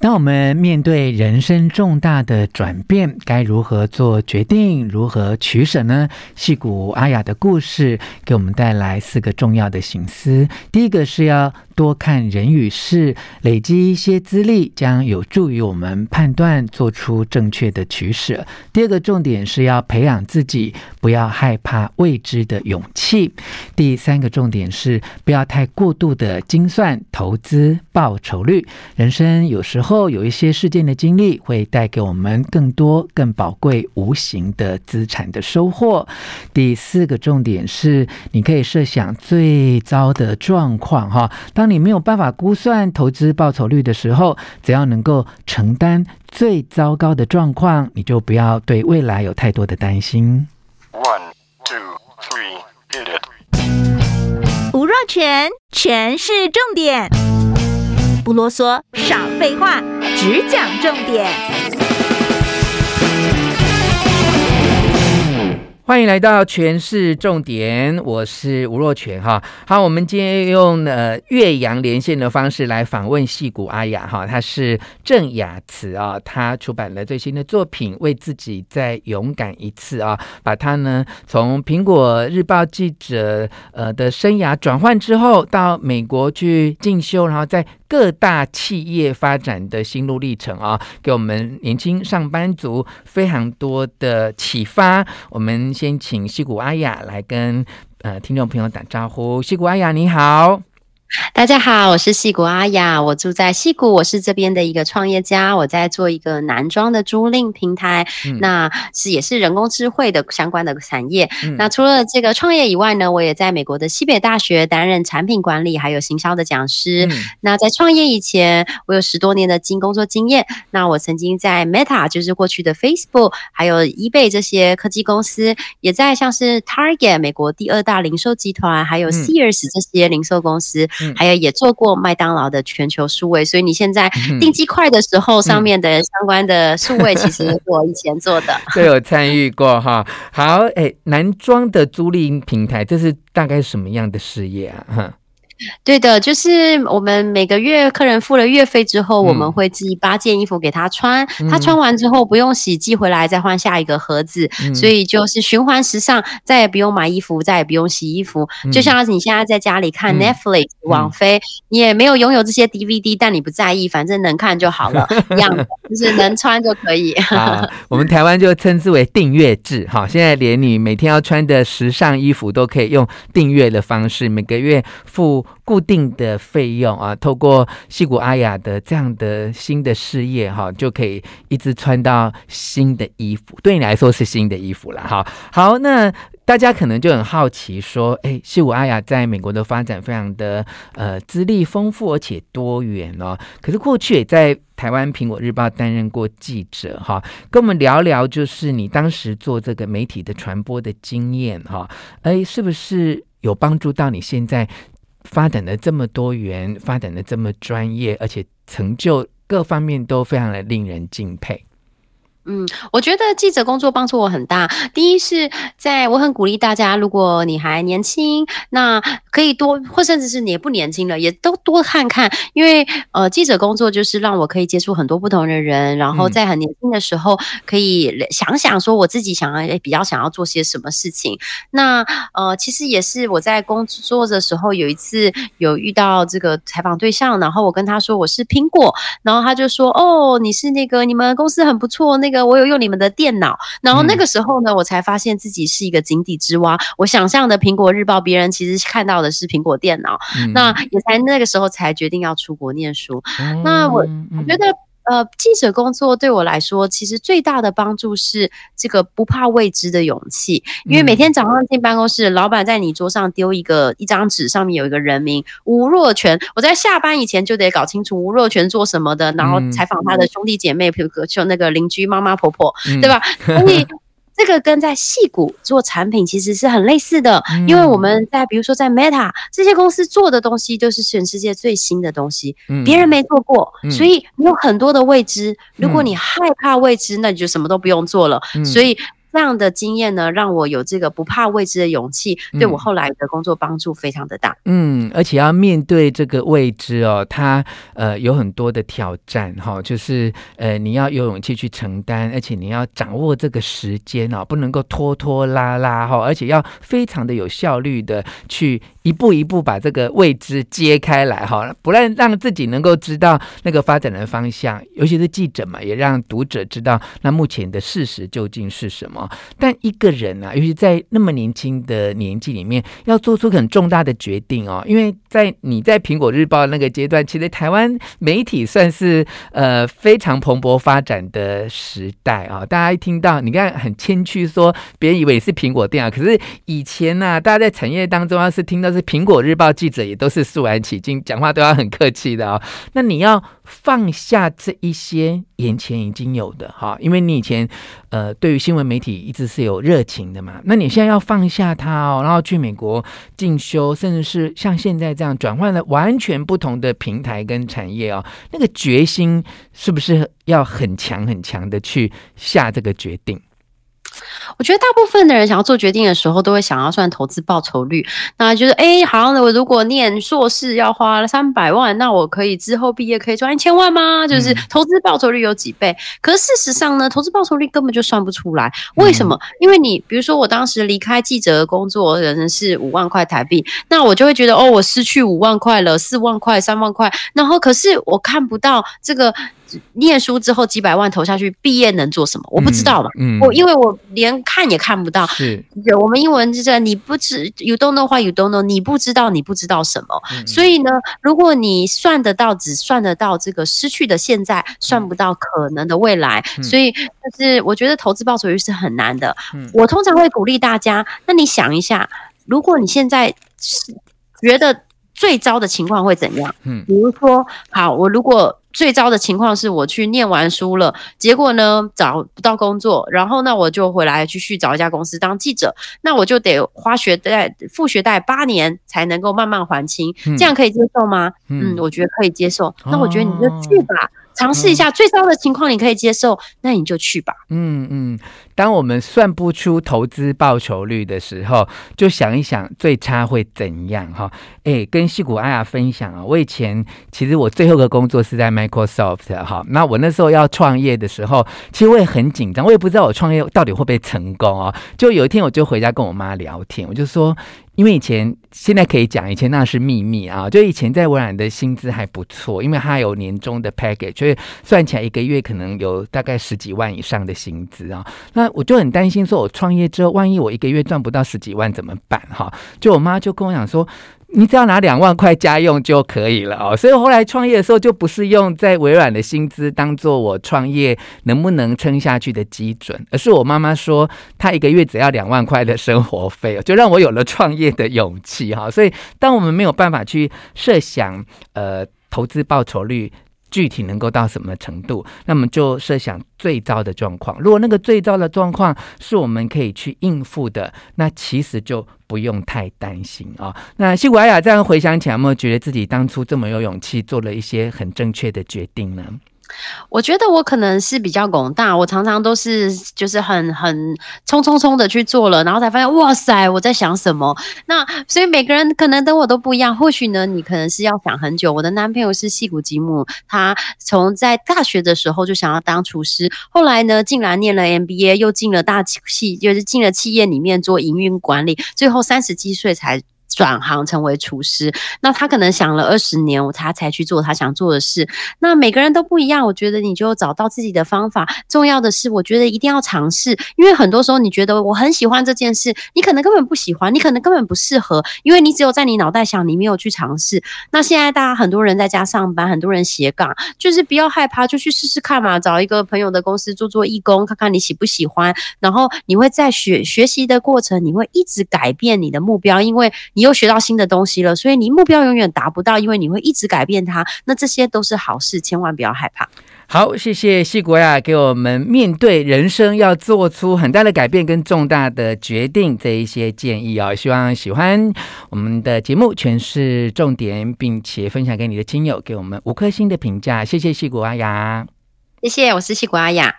當我們面對人生重大的轉變，該如何做決定、如何取捨呢？矽谷阿雅的故事給我們帶來四個重要的省思：第一個是要多看人與事，累積一些資歷，將有助於我們判斷，做出正確的取捨；第二個重點是要培養自己，不要害怕未知的勇氣；第三個重點是不要太過度的精算投資報酬率，人生有時候，後有一些事件的經歷會帶給我們更多、更寶貴無形的資產的收穫。第四個重點是，你可以設想最糟的狀況哈。當你沒有辦法估算投資報酬率的時候，只要能夠承擔最糟糕的狀況，你就不要對未來有太多的擔心。One, two, three, get it。吳若權，權式重點。不囉嗦，少廢話，只講重點。歡迎來到《權式重點》，我是吳若權。哈。好，我們今天用呃越洋連線的方式來訪問矽谷阿雅哈，她是鄭雅慈啊。她出版了最新的作品《為自己再勇敢一次》啊，把她呢從蘋果日報記者呃的生涯轉換之後，到美國去進修，然後再，各大企業發展的心路歷程啊、哦，給我們年輕上班族非常多的啟發。我們先請矽谷阿雅來跟呃聽眾朋友打招呼。矽谷阿雅，你好。大家好，我是矽谷阿雅，我住在矽谷，我是這邊的一個創業家，我在做一個男裝的租賃平台，嗯、那是也是人工智慧的相關的產業。嗯、那除了這個創業以外呢，我也在美國的西北大學擔任產品管理，還有行銷的講師。嗯、那在創業以前，我有十多年的經工作經驗。那我曾經在 Meta，就是過去的 Facebook，還有 eBay 這些科技公司，也在像是 Target 美國第二大零售集團，還有 Sears 這些零售公司。嗯嗯嗯、還有也做過麥當勞的全球數位，所以你現在訂雞塊的時候，上面的相關的數位，其實是我以前做的，對，有參與過哈。 好，哎、欸，男裝的租賃平台，這是大概什麼樣的事業啊？對的，就是我們每個月客人付了月費之後，嗯、我們會寄八件衣服給他穿，嗯、他穿完之後不用洗，寄回來再換下一個盒子，嗯、所以就是循環時尚，再也不用買衣服，再也不用洗衣服。嗯、就像是你現在在家裡看 Netflix、嗯、網飛，嗯、你也沒有擁有這些 DVD，但你不在意，反正能看就好了，一 樣子，就是能穿就可以。好 我們台灣就稱之為訂閱制。好，現在連你每天要穿的時尚衣服都可以用訂閱的方式，每個月付固定的費用啊，透過矽谷阿雅的這樣的新的事業哈、啊，就可以一直穿到新的衣服。對你來說是新的衣服了哈、啊。好，那大家可能就很好奇說，誒、哎，矽谷阿雅在美國的發展非常的呃資歷豐富，而且多元哦。可是過去也在台灣《蘋果日報》擔任過記者哈、啊，跟我們聊聊就是你當時做這個媒體的傳播的經驗哈，誒、啊哎，是不是有幫助到你現在？發展的這麼多元，發展的這麼專業，而且成就各方面都非常的令人敬佩。嗯，我覺得記者工作幫助我很大。第一是在我很鼓勵大家，如果你還年輕，那可以多，或甚至是你也不年輕了，也都多看看，因為呃，記者工作就是讓我可以接觸很多不同的人，然後在很年輕的時候可以想想說我自己想要，哎，比較想要做些什麼事情。那呃，其實也是我在工作的時候有一次有遇到這個採訪對象，然後我跟他說我是蘋果，然後他就說哦，你是那個你們公司很不錯那個。我有用你們的電腦，然後那個時候呢，我才發現自己是一個井底之蛙。嗯、我想象的蘋果日報，別人其實看到的是蘋果電腦。嗯、那也才那個時候才決定要出國念書。嗯、那我、嗯、我覺得。呃，記者工作對我來說，其實最大的幫助是這個不怕未知的勇氣，因為每天早上進辦公室，嗯、老闆在你桌上丟一個一張紙，上面有一個人名吳若權，我在下班以前就得搞清楚吳若權做什麼的，然後採訪他的兄弟姐妹，嗯、比如說那個鄰居媽媽婆婆，嗯、對吧？你。 這個跟在矽谷做產品其實是很類似的，嗯、因為我們在比如說在 Meta 這些公司做的東西都是全世界最新的東西，別、嗯、人沒做過，嗯、所以你有很多的未知。嗯、如果你害怕未知，那你就什麼都不用做了。嗯、所以。這樣的經驗呢，讓我有這個不怕未知的勇氣，對我後來的工作幫助非常的大。嗯，而且要面對這個未知哦，它呃有很多的挑戰哈，就是呃你要有勇氣去承擔，而且你要掌握這個時間哦，不能夠拖拖拉拉哈，而且要非常的有效率的去。一步一步把這個未知揭開來哈，不然讓自己能夠知道那個發展的方向，尤其是記者嘛，也讓讀者知道那目前的事實究竟是什麼。但一個人啊，尤其在那麼年輕的年紀裡面，要做出很重大的決定哦。因為在你在蘋果日報那個階段，其實台灣媒體算是呃非常蓬勃發展的時代啊，哦。大家一聽到，你看很謙虛說，別人以為是蘋果電腦啊。可是以前呢，啊，大家在產業當中要是聽到是。蘋果日報記者也都是肅然起敬，講話都要很客氣的哦。那你要放下這一些眼前已經有的哈，因為你以前呃對於新聞媒體一直是有熱情的嘛。那你現在要放下它哦，然後去美國進修，甚至是像現在這樣轉換了完全不同的平台跟產業哦，那個決心是不是要很強很強的去下這個決定？我覺得大部分的人想要做決定的時候，都會想要算投資報酬率。那就是，誒、欸，好像我如果念碩士要花了三百萬，那我可以之後畢業可以賺一千萬嗎？就是投資報酬率有幾倍？可是事實上呢，投資報酬率根本就算不出來。為什麼？嗯、因為你比如說，我當時離開記者的工作，人是五萬塊台幣，那我就會覺得，哦，我失去五萬塊了，四萬塊、三萬塊，然後可是我看不到這個。念書之後幾百萬投下去，畢業能做什麼？嗯、我不知道嘛。我、嗯、因為我連看也看不到。是我們英文就是你不知，You don't know what you don't know，你不知道你不知道什麼。嗯嗯，所以呢，如果你算得到，只算得到這個失去的現在，嗯、算不到可能的未來。嗯、所以就是我覺得投資報酬率是很難的。嗯、我通常會鼓勵大家，那你想一下，如果你現在覺得最糟的情況會怎樣？嗯、比如說，好，我如果。最糟的情況是我去念完書了，結果呢，找不到工作，然後那我就回來繼續找一家公司當記者，那我就得花學貸、付學貸八年才能夠慢慢還清，這樣可以接受嗎？嗯，嗯嗯我覺得可以接受。嗯、那我覺得你就去吧。哦嘗試一下、嗯、最糟的情況，你可以接受，那你就去吧。嗯嗯，當我們算不出投資報酬率的時候，就想一想最差會怎樣哈、喔欸。跟矽谷阿雅分享啊，我以前其實我最後的工作是在 Microsoft 哈、喔。那我那時候要創業的時候，其實我也很緊張，我也不知道我創業到底會不會成功哦、喔，就有一天，我就回家跟我媽聊天，我就說。因為以前，現在可以講，以前那是秘密啊。就以前在微軟的薪資還不錯，因為他有年終的 package，所以算起來一個月可能有大概十幾萬以上的薪資啊。那我就很擔心，說我創業之後，萬一我一個月賺不到十幾萬怎麼辦、啊？哈，就我媽就跟我講說。你只要拿兩萬塊家用就可以了哦，所以我後來創業的時候，就不是用在微軟的薪資當做我創業能不能撐下去的基準，而是我媽媽說她一個月只要兩萬塊的生活費，就讓我有了創業的勇氣哈。所以，當我們沒有辦法去設想呃投資報酬率。具體能夠到什麼程度，那麼就設想最糟的狀況。如果那個最糟的狀況是我們可以去應付的，那其實就不用太擔心啊。哦，那矽谷阿雅，這樣回想起來，有沒有覺得自己當初這麼有勇氣，做了一些很正確的決定呢？我覺得我可能是比較宏大，我常常都是就是很很衝衝衝，的去做了，然後才發現哇塞，我在想什麼。那所以每個人可能跟我都不一樣，或許呢你可能是要想很久。我的男朋友是矽谷吉姆，他從在大學的時候，就想要當廚師，後來呢竟然念了 MBA，又進了大企，就是進了企業裡面做營運管理，最後三十幾歲才。轉行成為廚師，那他可能想了二十年，我他才去做他想做的事。那每個人都不一樣，我覺得你就找到自己的方法。重要的是，我覺得一定要嘗試，因為很多時候你覺得我很喜歡這件事，你可能根本不喜歡，你可能根本不適合，因為你只有在你腦袋想，你沒有去嘗試。那現在大家很多人在家上班，很多人斜槓，就是不要害怕，就去試試看嘛。找一個朋友的公司做做義工，看看你喜不喜歡。然後你會在學學習的過程，你會一直改變你的目標，因為你又。都學到新的東西了，所以你目標永遠達不到，因為你會一直改變它。那這些都是好事，千萬不要害怕。好，謝謝矽谷阿雅給我們面對人生要做出很大的改變跟重大的決定這一些建議哦。希望喜歡我們的節目《權式重點》，並且分享給你的親友，給我們五顆星的評價。謝謝矽谷阿雅，謝謝，我是矽谷阿雅。